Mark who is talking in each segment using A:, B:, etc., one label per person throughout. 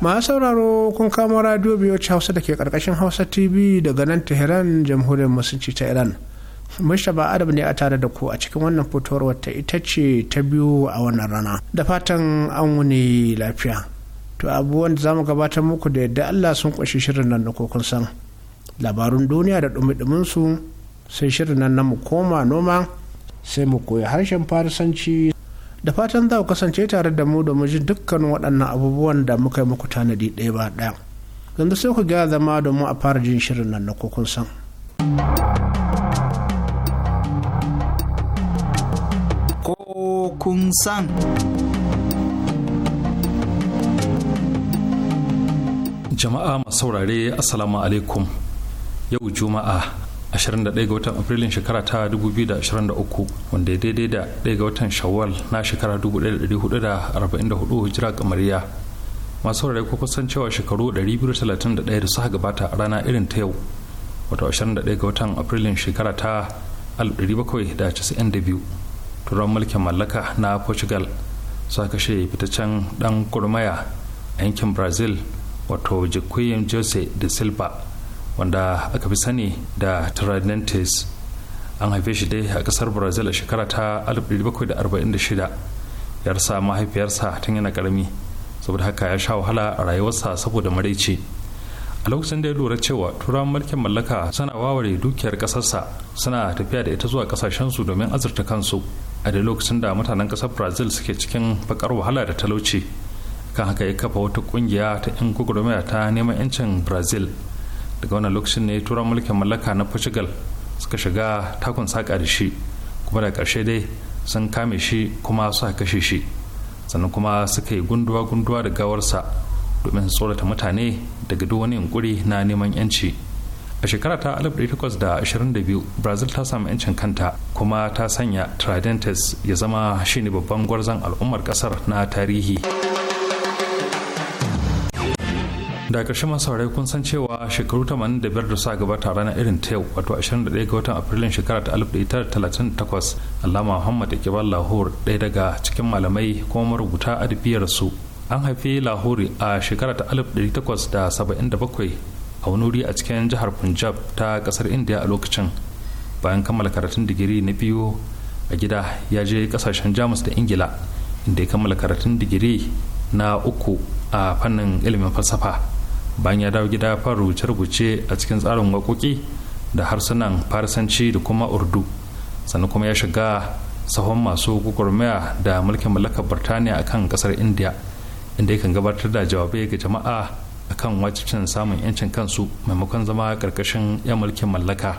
A: masu sauraro kun radiyo radio ci hausa da ke karkashin hausa tv daga nan tehran jamhuriyar musulunci ta iran ba adam ne a tare da ku a cikin wannan fitowar wata ita ce ta biyu a wannan rana da fatan an wuni lafiya to abubuwan da zamu gabatar muku da yadda allah sun kunshi shirin nan da kun san labarun duniya da dumi dumin su sai shirin nan na mu koma noma sai mu koyi harshen farisanci da fatan za ku kasance tare da mu domin ji dukkan waɗannan abubuwan da muka yi muku tanadi ɗaya ba ɗaya yanzu sai ku gaya zama da mu a fara jin shirin nan na kun san.
B: san. Jama'a masaurare Assalamu alaikum yau Juma'a 21 ga watan afrilun shekara ta 2023 wanda ya daidai da 1 ga watan shawwal na shekara 1444 hijira kamariya masu rarrai ko kusan cewa shekaru 231 da suka gabata a rana irin ta yau wato 21 ga watan afrilun shekara ta 1792 turan mulkin mallaka na portugal sa kashe fitaccen dan gurmaya a yankin brazil wato jikuyin jose da silva wanda aka fi sani da tiradentes an haife shi dai a kasar brazil a shekara ta 1746 yarsa mahaifiyarsa tun yana karami saboda haka ya sha wahala a rayuwarsa saboda maraice a lokacin da ya lura cewa turawan mulkin mallaka suna waware dukiyar kasarsa suna tafiya da ita zuwa su domin azurta kansu a da lokacin da mutanen kasar brazil suke cikin bakar wahala da talauci kan haka ya kafa wata kungiya ta 'yan ta neman 'yancin brazil daga wannan lokacin ne turan mulkin mallaka na portugal suka shiga takun saƙa da shi kuma da ƙarshe dai sun kame shi kuma suka kashe shi sannan kuma suka yi gunduwa-gunduwa da gawarsa domin su tsorata mutane daga duk wani yunkuri na neman yanci a shekara ta 1822 brazil ta samu yancin kanta kuma ta sanya tridentes ya zama shine babban gwarzon al'ummar kasar na tarihi. da karshe masu saurari kun san cewa shekaru 85 da sa gabata ranar irin ta yau wato 21 ga watan afrilun shekara ta 1938 allama muhammad iqbal lahore ɗaya daga cikin malamai kuma marubuta adabiyar su an haifi lahore a shekara ta 1877 a wani wuri a cikin jihar punjab ta kasar indiya a lokacin bayan kammala karatun digiri na biyu a gida ya je kasashen jamus da ingila inda ya kammala karatun digiri na uku a fannin ilimin falsafa bayan ya dawo gida fara rubuce-rubuce a cikin tsarin waƙoƙi da harsunan farisanci da kuma urdu sannan kuma ya shiga sahon masu gwagwarmaya da mulkin mallakar birtaniya a kan kasar india inda yakan gabatar da jawabai ga jama'a a kan wajibcin samun 'yancin kansu maimakon zama ƙarƙashin 'yan mulkin mallaka.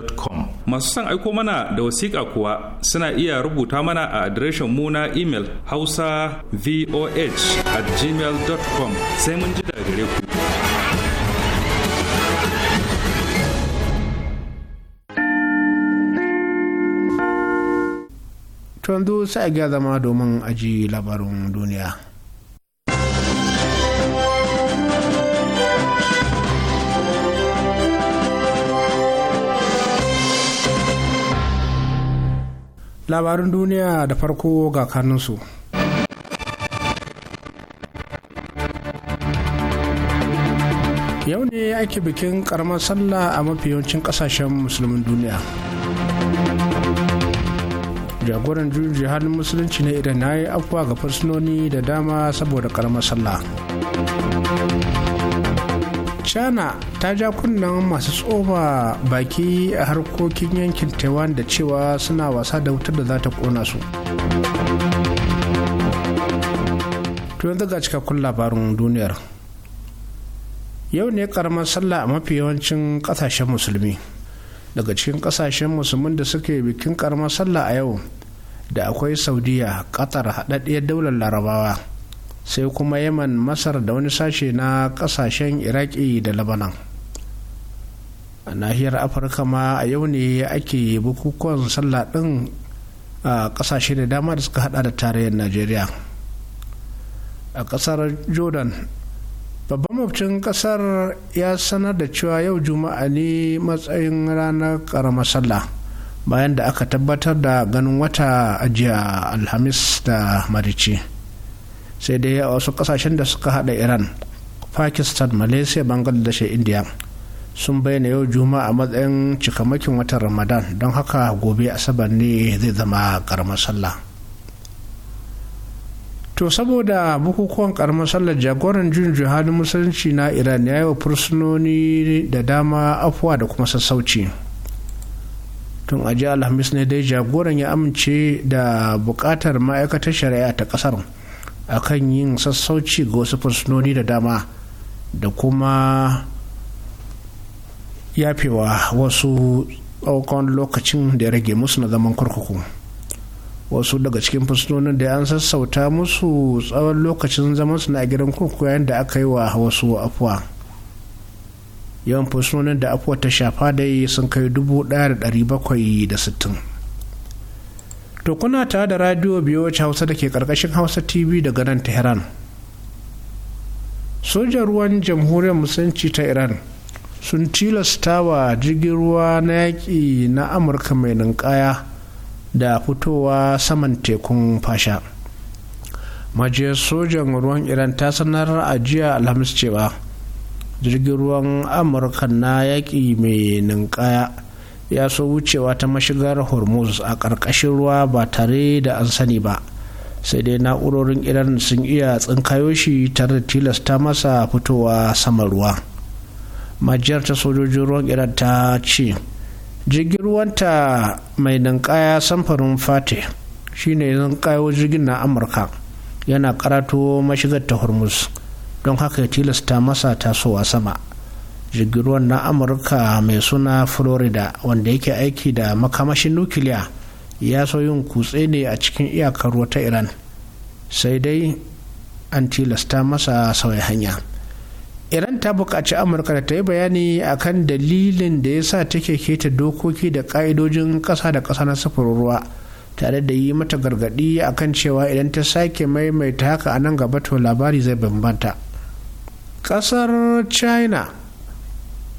B: masu son aiko mana da wasiƙa kuwa suna iya rubuta mana a adireshin mu na imel hausa voh at gmail.com sai mun ji daga gare ku.
A: Tundu sai ga zama domin aji labarin duniya. labarin duniya da farko ga kanunsu. yau ne ake bikin karamar sallah a mafi yawancin kasashen musulmin duniya jagoran juji halin musulunci ne idan na yi afuwa ga fursunoni da dama saboda karamar sallah china ta ja kunnen masu tsoma baki a harkokin yankin taiwan da cewa suna wasa da wutar da za ta kona su to yanzu ga cikakkun labarin duniyar yau ne karamar sallah a mafi yawancin kasashen musulmi daga cikin kasashen musulmin da suke bikin karamar sallah a yau da akwai saudiya qatar haɗaɗɗiyar daular larabawa sai kuma yaman masar da wani sashe na kasashen iraki da labanan a nahiyar afirka ma a yau ne ake bukukuwan sallah ɗin a kasashe da dama da suka hada da tarayyar najeriya a kasar jordan babban mafcin kasar ya sanar da cewa yau juma'a ne matsayin ranar karamar sallah bayan da aka tabbatar da ganin wata ajiya alhamis da marici sai dai a wasu kasashen da suka hada iran pakistan malaysia bangladesh da india sun bayyana yau juma'a a matsayin cikamakin watan ramadan don haka gobe asabar ne zai zama karamar sallah to saboda bukukuwan karamar sallah jagoran jin musulunci na iran ya yi wa fursunoni da dama afuwa da kuma sassauci tun a aji alhamis ne dai jagoran ya amince da bukatar ma'aikatar shari'a ta kasar akan yin sassauci ga wasu fursunoni da dama da kuma yafewa wasu tsawon lokacin da ya rage musu na zaman kurkuku wasu daga cikin fursunonin da an sassauta musu tsawon lokacin su na gidan kurkuku yayin da aka yi wa wasu afuwa yawan fursunonin da afuwa ta shafa dai sun kai dubu ɗaya da ɗari bakwai da sittin to kuna tare da radio biyu wacce hausa da ke ƙarƙashin hausa tv daga nan tehran sojan ruwan jamhuriyar musulunci ta iran sun tilasta wa jirgin ruwa na yaƙi na amurka mai ninkaya da fitowa saman tekun fasha majiyar sojan ruwan iran ta sanar a jiya alhamis cewa jirgin ruwan amurka na yaƙi mai ninkaya ya so wucewa ta mashigar hormuz a ƙarƙashin ruwa ba tare da an sani ba sai dai na'urorin iran sun iya tsinkayo shi tare da tilasta masa fitowa sama ruwa majiyar ta sojojin ruwan iran ta ce jirgin ruwanta mai ninkaya samfarin fati shine ninkayo jirgin na amurka yana karato mashigar ta hormuz don haka ya tilasta masa tasowa sama jirgin ruwan na amurka mai suna florida wanda yake aiki da makamashin nukiliya ya so yin kutse ne a cikin iyakar ruwa ta iran sai dai an tilasta masa sauya hanya iran ta buƙaci amurka da ta yi bayani akan dalilin da ya sa take keta dokoki da ƙa'idojin ƙasa da ƙasa na sufurin ruwa tare da yi mata gargaɗi kan cewa idan ta sake maimaita haka a nan gaba to labari zai bambanta ƙasar china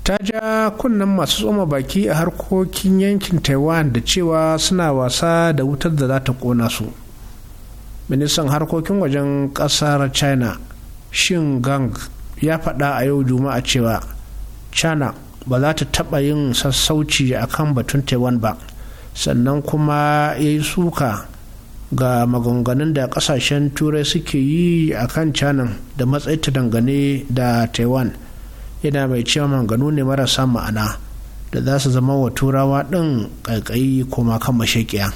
A: ta ja kunnen masu tsoma baki a harkokin yankin taiwan da cewa suna wasa da wutar da za ta kona su ministan harkokin wajen kasar china shin gang ya faɗa a yau juma'a cewa china ba za ta taɓa yin sassauci a kan batun taiwan ba sannan kuma ya yi suka ga maganganun da kasashen turai suke yi a kan china da ta dangane da taiwan yana mai cewa manganu ne marasa ma'ana da za su zama wa turawa ɗin ƙaiƙayi koma kan mashaƙiya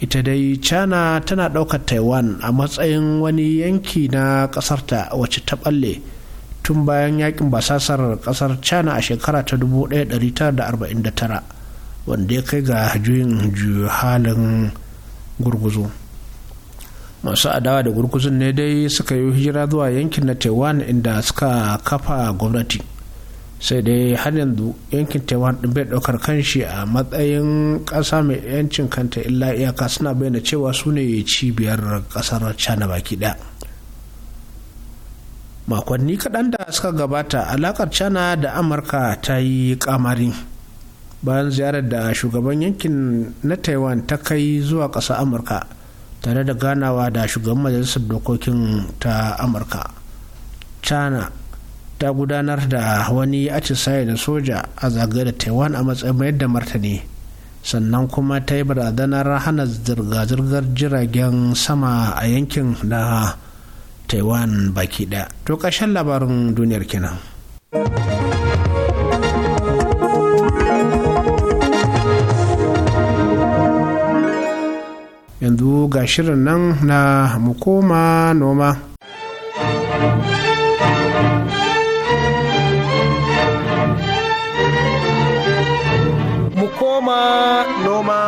A: ita dai china tana ɗaukar taiwan a matsayin wani yanki na ƙasarta wacce ta ɓalle tun bayan yakin basasar ƙasar china a shekara ta 1949 wanda ya kai ga juyin halin gurguzu masu adawa da gurguzun ne dai suka yi hijira zuwa yankin na taiwan inda suka kafa gwamnati sai dai har yanzu yankin taiwan din bai daukar kanshi a matsayin ƙasa mai yancin kanta illa iyaka suna bayyana cewa su ne cibiyar ƙasar china baki ɗaya makonni kaɗan da suka gabata alakar china da amurka ta yi kamari bayan ziyarar da shugaban yankin na taiwan ta kai zuwa ƙasar amurka tare da ganawa da shugaban majalisar dokokin ta amurka china ta gudanar da wani atisaye da soja a zagaye da taiwan a matsayin mayar da martani sannan kuma ta yi barazanar hana zirga-zirgar jiragen sama a yankin na taiwan baki daya to ƙarshen labarin duniyar kenan. yanzu ga shirin nan na mukoma noma mukoma noma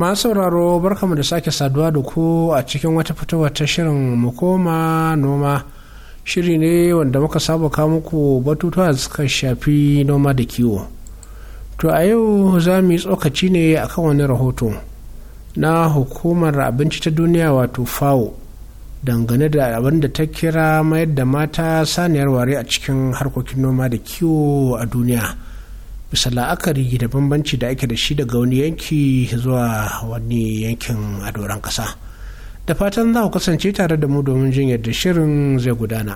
A: masu sauraro barkamu da sake saduwa da ku a cikin wata fitowar ta shirin mukoma noma shiri ne wanda muka saba kawo muku batutuwa da suka shafi noma da kiwo to a yau za mu yi tsokaci ne akan wani rahoto na hukumar abinci ta duniya wato fawo dangane da abin da ta kira mayar da mata saniyar ware a cikin harkokin noma da kiwo a duniya bisa la'akari da bambanci da ake da shi daga wani yanki zuwa wani yankin a doron ƙasa. da fatan za ku kasance tare da mu domin jin yadda shirin zai gudana.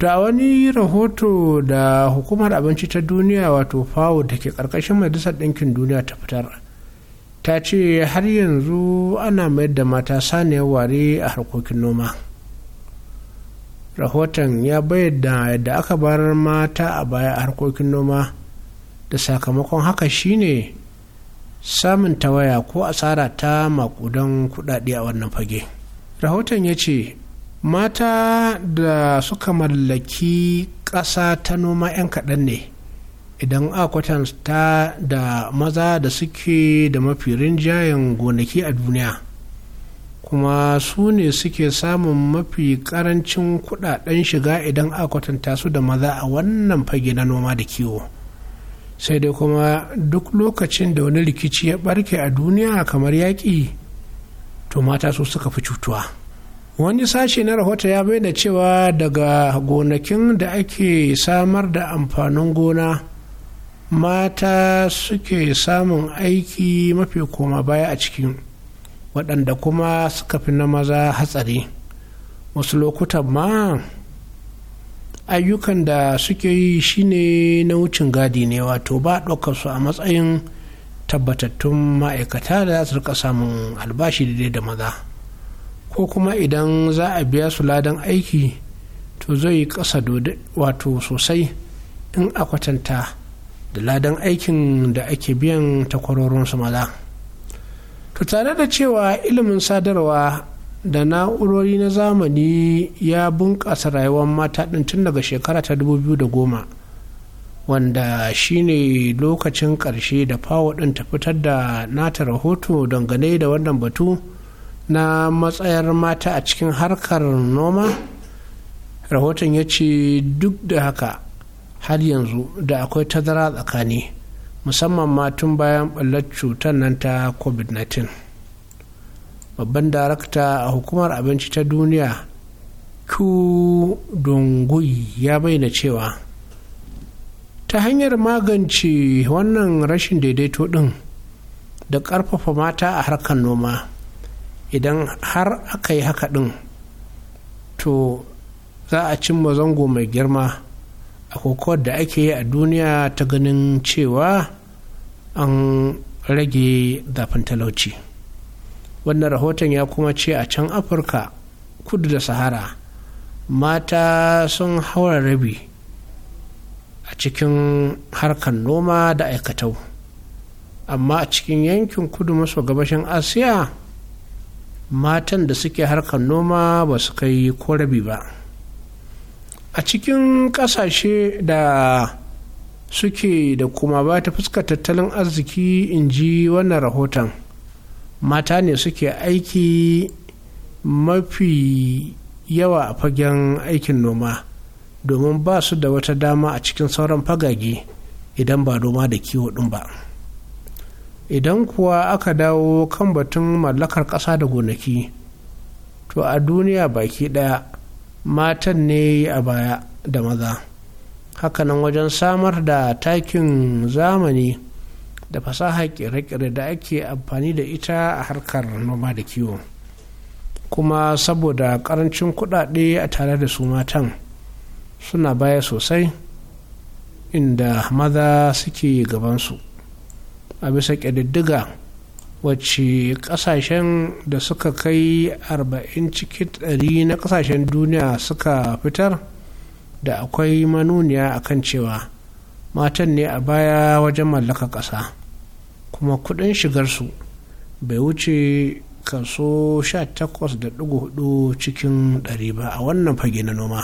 A: da wani rahoto da hukumar abinci ta duniya wato fawo da ke ƙarƙashin majalisar ɗinkin duniya ta fitar ta ce har yanzu ana mayar da mata saniyar ware a harkokin noma rahoton ya bayyana yadda aka bar mata a baya a harkokin noma da sakamakon haka shine samun tawaya ko asara ta makudan kudade a wannan fage rahoton ya ce mata da suka mallaki ƙasa ta noma 'yan kaɗan ne idan a ta da maza da suke da mafi rinjayen gonaki a duniya kuma su ne suke samun mafi karancin kudaden shiga idan a kwatanta su da maza a wannan fage na noma da kiwo sai dai kuma duk lokacin da wani rikici ya barke a duniya kamar yaƙi to mata su suka fi cutuwa wani sashe na rahoto ya bayyana cewa daga gonakin da ake samar da amfanin gona mata suke samun aiki mafi koma baya a cikin waɗanda kuma suka fi na maza hatsari wasu lokutan ma ayyukan da suke yi shine na wucin gadi ne wato ba ɗaukar su a matsayin tabbatattun ma'aikata da za su rika samun albashi daidai da maza ko kuma idan za a biya su ladan aiki to zai yi ƙasa wato sosai in a kwatanta da ladan aikin da ake biyan su maza to tare da cewa ilimin sadarwa da na'urori na zamani ya bunƙasa rayuwar mata ɗin tun daga shekara ta dubu biyu da goma wanda shine lokacin ƙarshe da fawo ɗin ta fitar da nata rahoto dangane da wannan batu na matsayar mata a cikin harkar noma rahoton ya ce duk da haka har yanzu da akwai tazara tsakani musamman ma tun bayan ɓallar cutar nan ta covid-19 babban darakta a hukumar abinci ta duniya q dongui ya bayyana cewa ta hanyar magance wannan rashin daidaito ɗin da ƙarfafa mata a harkar noma idan har aka yi haka ɗin to za a cimma zango mai girma a kokowar da ake yi a duniya ta ganin cewa an rage zafin talauci wannan rahoton ya kuma ce a can afirka kudu da sahara mata sun haura rabi a cikin harkar noma da aikatau amma a cikin yankin kudu maso gabashin asiya matan da suke harkar noma ba su kai ko rabi ba a cikin ƙasashe da suke da kuma ba ta fuskar tattalin arziki in ji wannan rahoton mata ne suke aiki mafi yawa a fagen aikin noma domin ba su da wata dama a cikin sauran fagage idan ba noma da kiwo ɗin ba idan kuwa aka dawo kan batun mallakar ƙasa da gonaki to a duniya baki ɗaya matan ne a baya da maza hakanan wajen samar da takin zamani da fasaha kere-kere da ake amfani da ita a harkar noma da kiwo kuma saboda karancin kudade a tare da su matan suna baya sosai inda maza suke gabansu a bisa ƙididdiga wacce kasashen da suka kai 40 cikin 100 na kasashen duniya suka fitar da akwai manuniya a kan cewa matan ne a baya wajen mallaka ƙasa kuma kudin shigarsu bai wuce kaso 18.4 cikin 100 ba a wannan fage na noma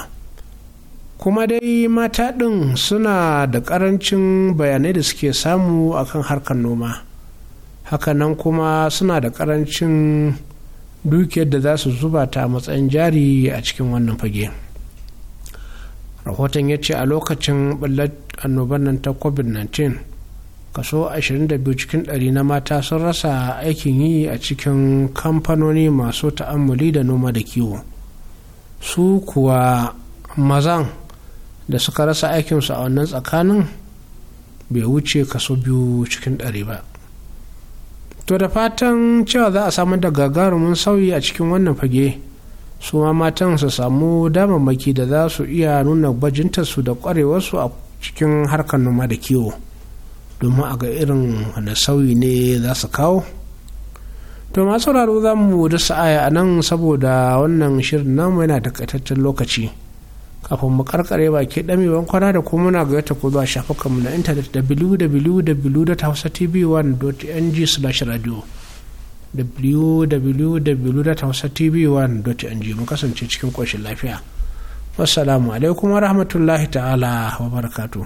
A: kuma dai mata ɗin suna da ƙarancin bayanai da suke samu akan harkar noma hakanan kuma suna da karancin dukiyar da za su zuba ta matsayin jari a cikin wannan fage rahoton ya ce a lokacin ɓallar annobar nan ta covid-19 kaso 22 cikin 100 na mata sun rasa aikin yi a cikin kamfanoni masu ta'ammuli da noma da kiwo su kuwa mazan da suka rasa aikinsu a wannan tsakanin bai wuce kaso biyu cikin 100 ba to da fatan cewa za a samu da gagarumin sauyi a cikin wannan fage su ma matan su samu damammaki da za su iya nuna bajintarsu da kwarewarsu a cikin harkar noma da kiwo domin a ga irin wani sauyi ne za su kawo to masu sauraro za mu da sa'aya a nan saboda wannan shirin namu yana takaitaccen lokaci kafin mu karkare baki dami bankwana da kuma muna gayyata ko zuwa shafukanmu na intanet www.hausatv1.ng slash radio www.hausatv1.ng mu kasance cikin ƙoshin lafiya wassalamu alaikum wa rahmatullahi ta'ala wa barakatu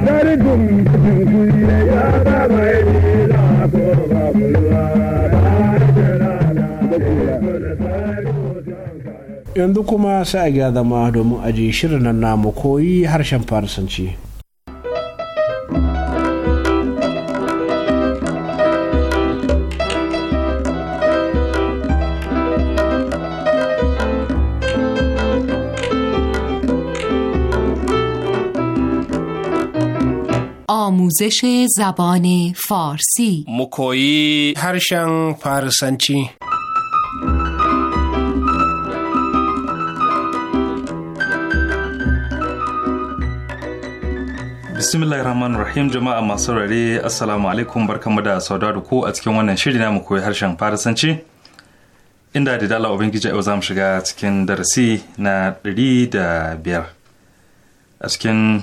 C: Dari dum dum kuye ya baba ya ko ba mulwa
A: yanzu kuma sai a zama domin aji shirin nan namu koyi harshen farisanci.
D: آموزش زبان فارسی
A: مکویی هرشن فارسنچی
B: bismillahir rahim jama'a masu rare assalamu alaikum barkamu da sauda da ku a cikin wannan shiri na mu koyi harshen farasanci inda da dala ubangiji yau za mu shiga cikin darasi na ɗari da biyar a cikin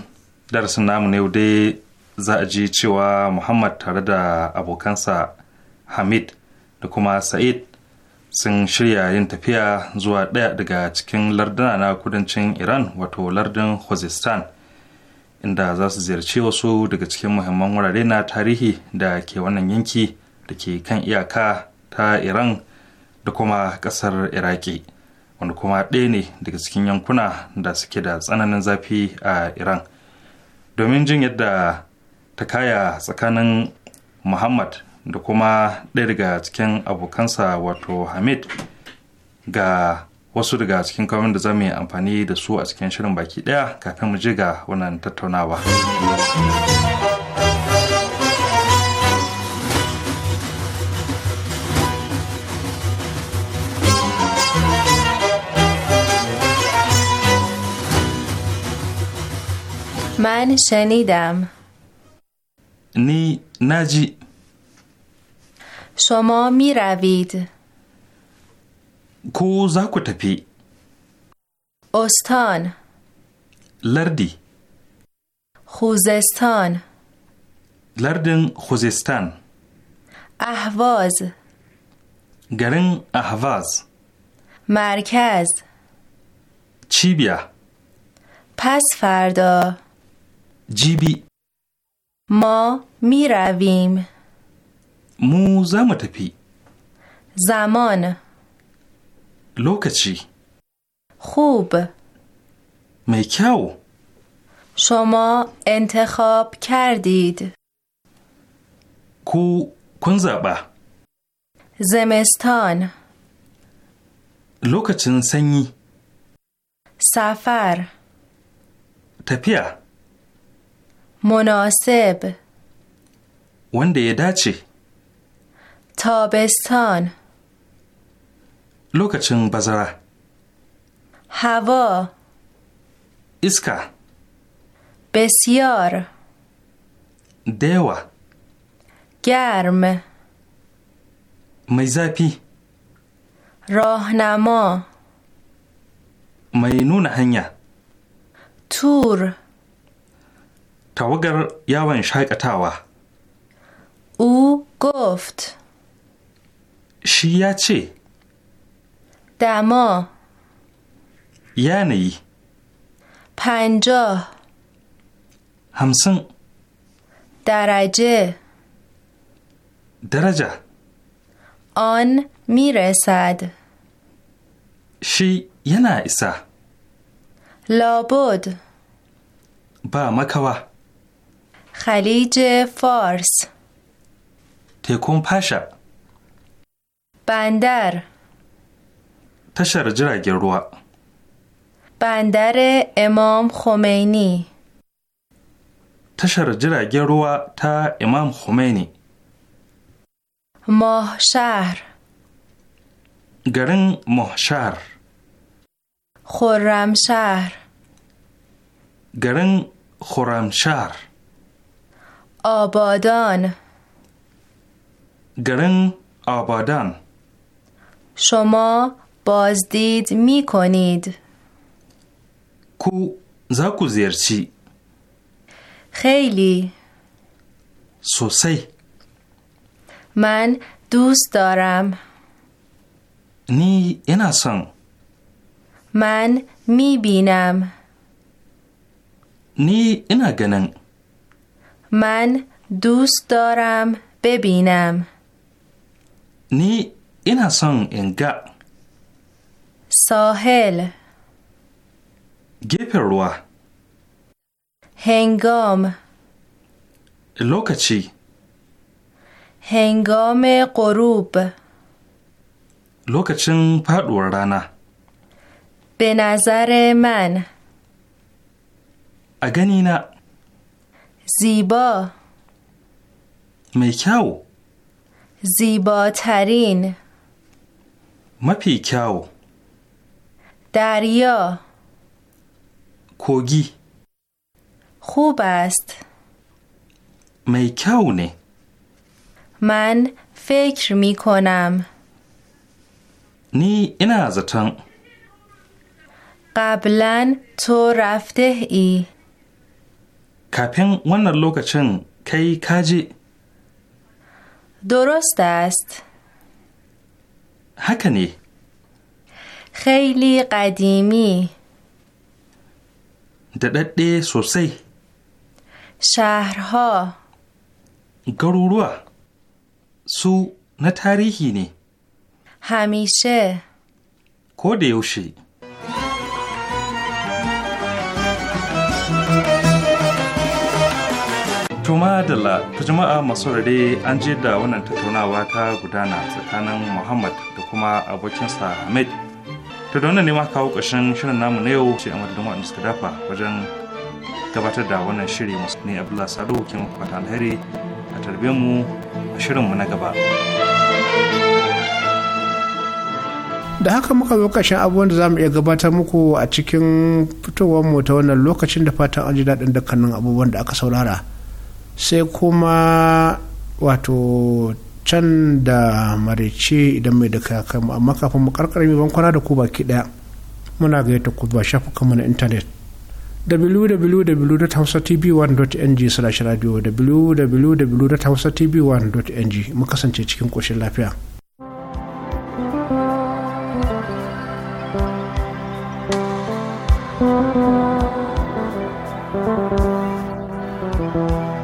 B: darasin namu ne dai za a ji cewa muhammad tare da abokansa hamid da kuma sa'id sun shirya yin tafiya zuwa ɗaya daga cikin larduna na kudancin iran wato lardin khuzestan inda za su ziyarci wasu daga cikin muhimman wurare na tarihi da ke wannan yanki da ke kan iyaka ta iran da kuma kasar iraki wanda kuma ɗaya ne daga cikin yankuna da suke da tsananin zafi a iran domin jin yadda ta kaya tsakanin muhammad da kuma ɗaya daga cikin abokansa wato hamid ga wasu daga cikin kawai da za mu yi amfani da su a cikin shirin baki ɗaya kafin mu je ga wannan tattaunawa.
D: من شنیدم
B: Ni naji.
D: شما می ravid. کو za استان لردی خوزستان
B: لردن خوزستان
D: اهواز
B: گرن اهواز
D: مرکز چیبیا پس فردا جیبی ما می رویم
B: مو تپی
D: زمان
B: لوکچی خوب میکاو
D: شما انتخاب کردید
B: کو زبه.
D: زمستان
B: لوکچن سنی
D: سفر تپیا مناسب ونده یه تابستان
B: لوک چنگ بزرگ؟
D: هوا اسکا بسیار دیوه گرم
B: مزه پی
D: راه نما
B: مینون
D: تور
B: تا وگر یا ون شای
D: او گفت شیعه دما یعنی پنجاه همسن درجه درجه آن میرسد
B: شی یه نایسه
D: لابد
B: با مکوه
D: خلیج فارس
B: تکون پاشا
D: بندر
B: تشر جiragen ruwa
D: بندر امام خمینی
B: تشر جiragen تا امام خمینی
D: ماه شهر
B: گرن ماه شهر
D: خورم شهر
B: گرن خورم شهر
D: آبادان
B: گرن آبادان
D: شما بازدید می کنید کو
B: زاکو زیرچی
D: خیلی
B: سوسی
D: من دوست دارم
B: نی ایناسان
D: من می بینم
B: نی اینا گنن
D: من دوست دارم ببینم
B: نی ایناسان سان انگا
D: ساحل گپروا هنگام
B: لوکچی
D: هنگام غروب
B: لوکچن پادور
D: به نظر من
B: اگنینا
D: زیبا
B: میکاو
D: زیباترین
B: مپیکاو
D: دریا کوگی خوب است
B: میکونه
D: من فکر می کنم
B: نی این ازتان
D: قبلا تو رفته ای
B: کپین ون لوکچن کی کاجی
D: درست است هکنی خیلی قدیمی
B: ددده سوسی
D: شهرها گرورو سو نه
B: تاریخی نی
D: همیشه
B: کودیوشی Tuma da la, ta jama'a masu rade an je da wannan tattaunawa ta gudana tsakanin Muhammad da kuma abokinsa Hamid to da wannan ne ma kawo ƙarshen shirin namu na yau ce a madadin wa'anda suka dafa wajen gabatar da wannan shiri masu ne abdullahi sadu ke muku fata alheri a tarbe mu a shirinmu na gaba.
A: da haka muka zo ƙarshen abubuwan da za mu iya gabatar muku a cikin fitowar mu ta wannan lokacin da fatan an ji daɗin dukkanin abubuwan da aka saurara sai kuma wato can da marice idan mai da kakanmu amma kafin mu karkar mai bankwana da ku baki daya muna gayyata ku ba mu na intanet www.hausatv1.ng slash radio www.hausatv1.ng mu kasance cikin koshin lafiya.
C: thank you